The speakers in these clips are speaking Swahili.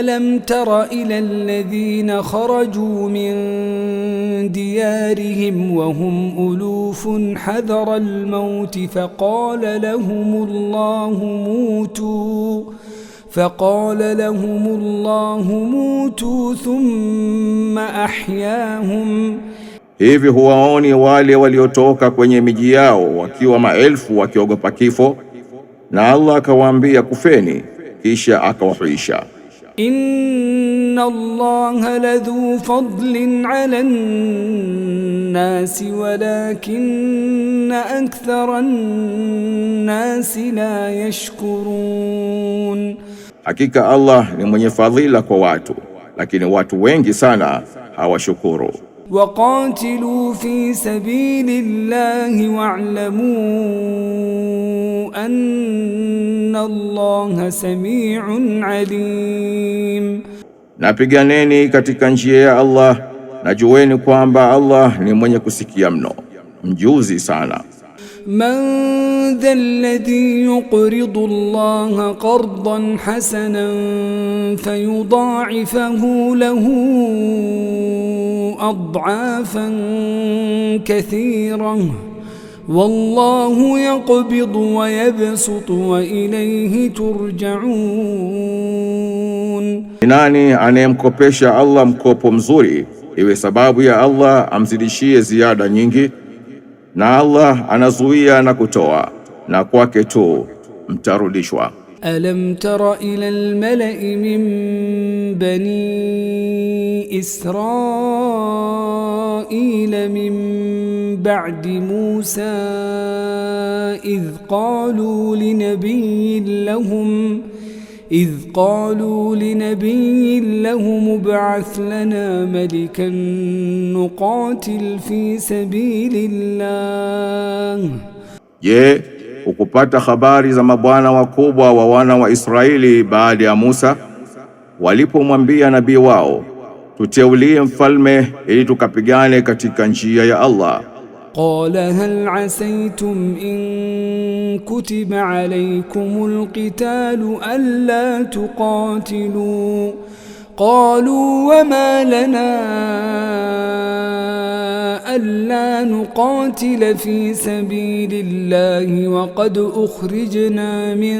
ألم تر إلى الذين خرجوا من ديارهم وهم ألوف حذر الموت فقال لهم الله موتوا فقال لهم الله موتوا ثم أحياهم Hivi huwaoni wale waliotoka kwenye miji yao wakiwa maelfu wakiogopa kifo, na Allah akawaambia kufeni, kisha akawahuisha. إن الله لذو فضل على الناس ولكن أكثر الناس لا يشكرون Hakika Allah ni mwenye fadhila kwa watu lakini watu wengi sana hawashukuru وقاتلوا في سبيل الله واعلموا أن الله سميع عليم Napiganeni katika njia ya Allah na jueni kwamba Allah ni mwenye kusikia mno mjuzi sana. Man dha alladhi yuqridu Allah qardan hasanan fayudha'ifahu lahu أضعافا كثيرة والله يقبض ويبسط وإليه ترجعون Ni nani anayemkopesha Allah mkopo mzuri iwe sababu ya Allah amzidishie ziada nyingi na Allah anazuia na kutoa na kwake tu mtarudishwa ألم تر إلى الملأ من بني إسرائيل من بعد موسى إذ قالوا لنبي لهم إذ قالوا لنبي لهم ابعث لنا ملكا نقاتل في سبيل الله. Yeah. Hukupata habari za mabwana wakubwa wa wana wa Israeli baada ya Musa walipomwambia nabii wao, tuteulie mfalme ili tukapigane katika njia ya Allah. Qala hal asaytum in kutiba alaykumul qitalu alla tuqatilu qalu wama lana ألا نقاتل في سبيل الله وقد أخرجنا من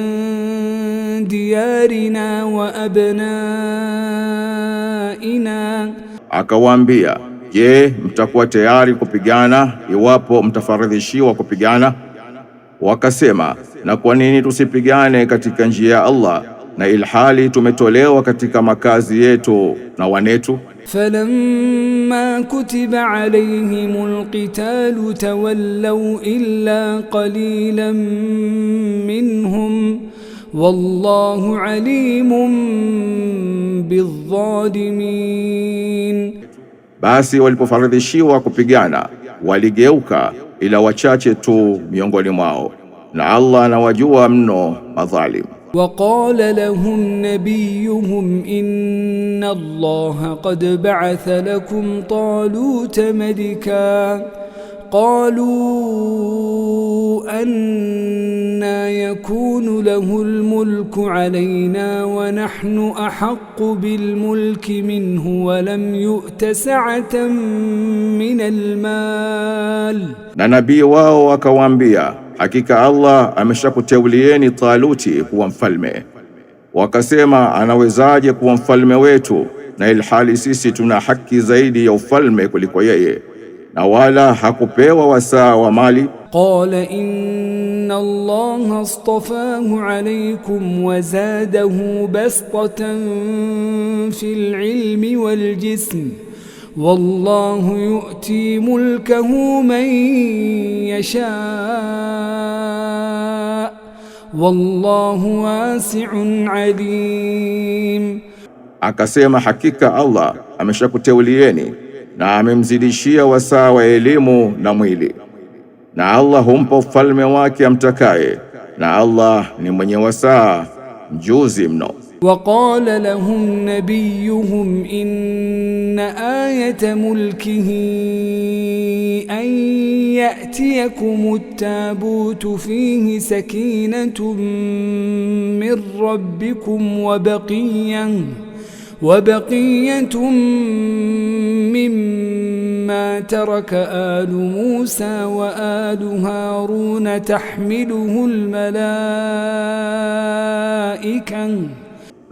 ديارنا wa akawaambia je, mtakuwa tayari kupigana iwapo mtafaridhishiwa kupigana? Wakasema, na kwa nini tusipigane katika njia ya Allah na ilhali tumetolewa katika makazi yetu na wanetu? falam فلما كتب عليهم القتال تولوا إلا قليلا منهم والله عليم بالظالمين, basi walipofaridhishiwa kupigana waligeuka ila wachache tu miongoni mwao, na Allah anawajua mno madhalimu. وقال لهم نبيهم إن الله قد بعث لكم طالوت ملكا قالوا أنا يكون له الملك علينا ونحن أحق بالملك منه ولم يؤت سعة من المال نبي واو وكوانبيا Hakika Allah ameshakuteulieni Taluti kuwa mfalme. Wakasema, anawezaje kuwa mfalme wetu, na ilhali sisi tuna haki zaidi ya ufalme kuliko yeye, na wala hakupewa wasaa wa mali. Qala inna Allah astafahu alaykum wa zadahu bastatan fil ilmi wal jismi wallahu yu'ti mulkahu man yasha wallahu wasi'un alim, akasema hakika Allah ameshakuteulieni na amemzidishia wasaa wa elimu na mwili, na Allah humpa ufalme wake amtakaye, na Allah ni mwenye wasaa mjuzi mno. وقال لهم نبيهم إن آية ملكه أن يأتيكم التابوت فيه سكينة من ربكم وبقية وبقية مما ترك آل موسى وآل هارون تحمله الملائكة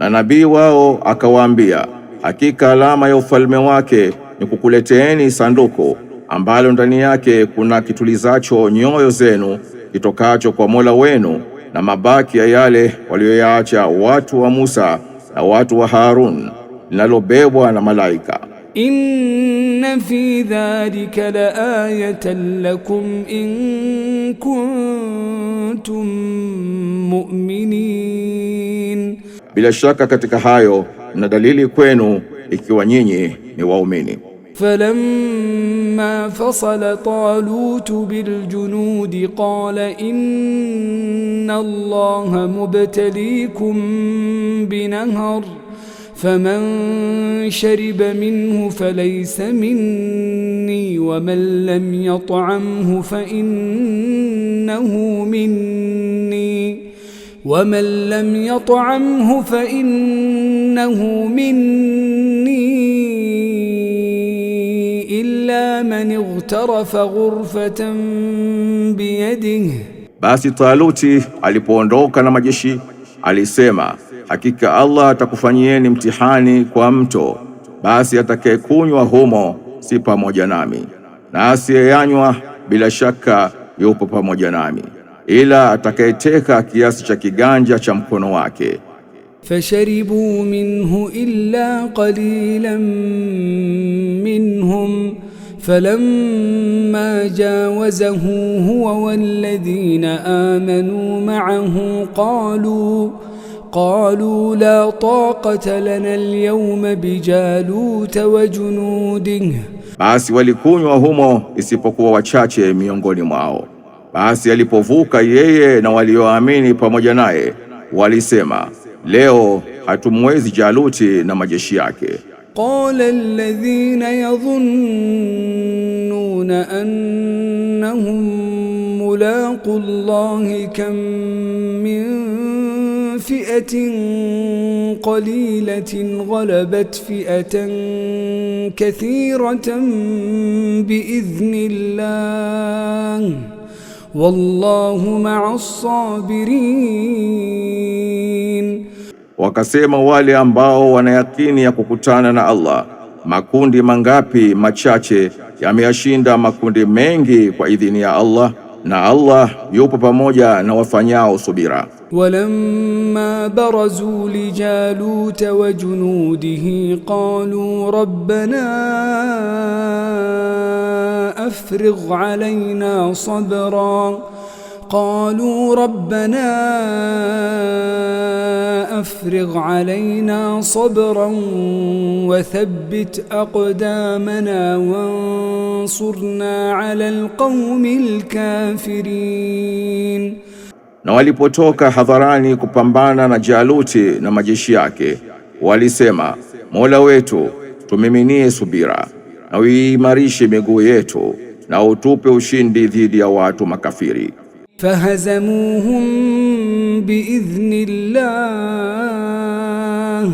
na nabii wao akawaambia, hakika alama ya ufalme wake ni kukuleteeni sanduku ambalo ndani yake kuna kitulizacho nyoyo zenu kitokacho kwa Mola wenu na mabaki ya yale walioyaacha watu wa Musa na watu wa Harun linalobebwa na malaika. Inna fi dhalika ayatan lakum in kuntum mu'minin Bila shaka katika hayo na dalili kwenu ikiwa nyinyi ni waumini. Falamma fasala Talut biljunudi qala inna Allaha mubtaliikum binahar faman shariba minhu falaysa minni waman lam yat'amhu fainnahu minni ومن لم يطعمه فإنه مني إلا من اغترف غرفة بيده, basi Taluti alipoondoka na majeshi alisema, hakika Allah atakufanyieni mtihani kwa mto, basi atakayekunywa humo si pamoja nami, na asiyeyanywa bila shaka yupo pamoja nami ila atakayeteka kiasi cha kiganja cha mkono wake. Fasharibu minhu illa qalilan minhum falamma jawazahu huwa walladhina amanu ma'ahu qalu qalu la taqata lana alyawma bijaluta wa junudihi, basi walikunywa humo isipokuwa wachache miongoni mwao basi alipovuka yeye na walioamini pamoja naye walisema, leo hatumwezi Jaluti na majeshi yake. Qala alladhina yadhunnuna annahum mulaqu Allahi kam min fi'atin qalilatin ghalabat fi'atan kathiratan bi'iznillah wallahu ma'as sabirin, wakasema wale ambao wanayakini ya kukutana na Allah, makundi mangapi machache yameyashinda makundi mengi kwa idhini ya Allah. na Allah yupo pamoja na wafanyao subira. walamma barazu li Jalut wa junudihi qalu rabbana afrigh alayna sabran قالوا ربنا افرغ علينا صبرا وثبت اقدامنا وانصرنا على القوم الكافرين na walipotoka hadharani kupambana na Jaluti na majeshi yake walisema Mola wetu tumiminie subira na uimarishe miguu yetu na utupe ushindi dhidi ya watu makafiri فهزموهم بإذن الله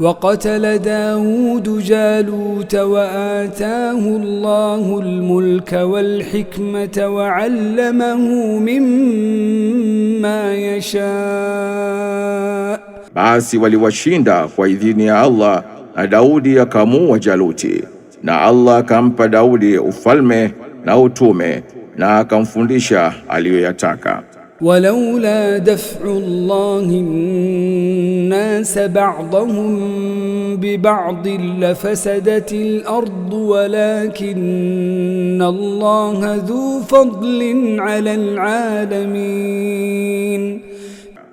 وقتل داود جالوت وآتاه الله الملك والحكمة وعلمه مما يشاء basi waliwashinda kwa idhini ya Allah na Daudi akamuua Jaluti na Allah akampa Daudi ufalme na utume na akamfundisha aliyoyataka. Walaula daf'u llahi nnasa ba'dahum biba'din lafasadatil ardu walakinna llaha dhu fadlin ala lalamin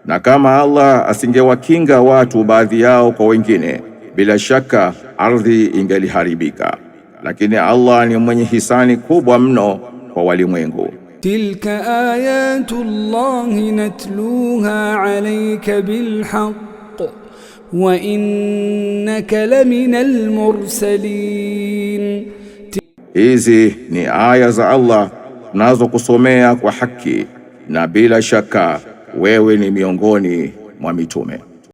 na kama Allah asingewakinga watu baadhi yao kwa wengine, bila shaka ardhi ingeliharibika, lakini Allah ni mwenye hisani kubwa mno kwa walimwengu. Tilka ayatu llahi natluha alayka bilhaq wa innaka laminal mursalin, hizi ni aya za Allah tunazokusomea kwa haki na bila shaka wewe ni miongoni mwa mitume.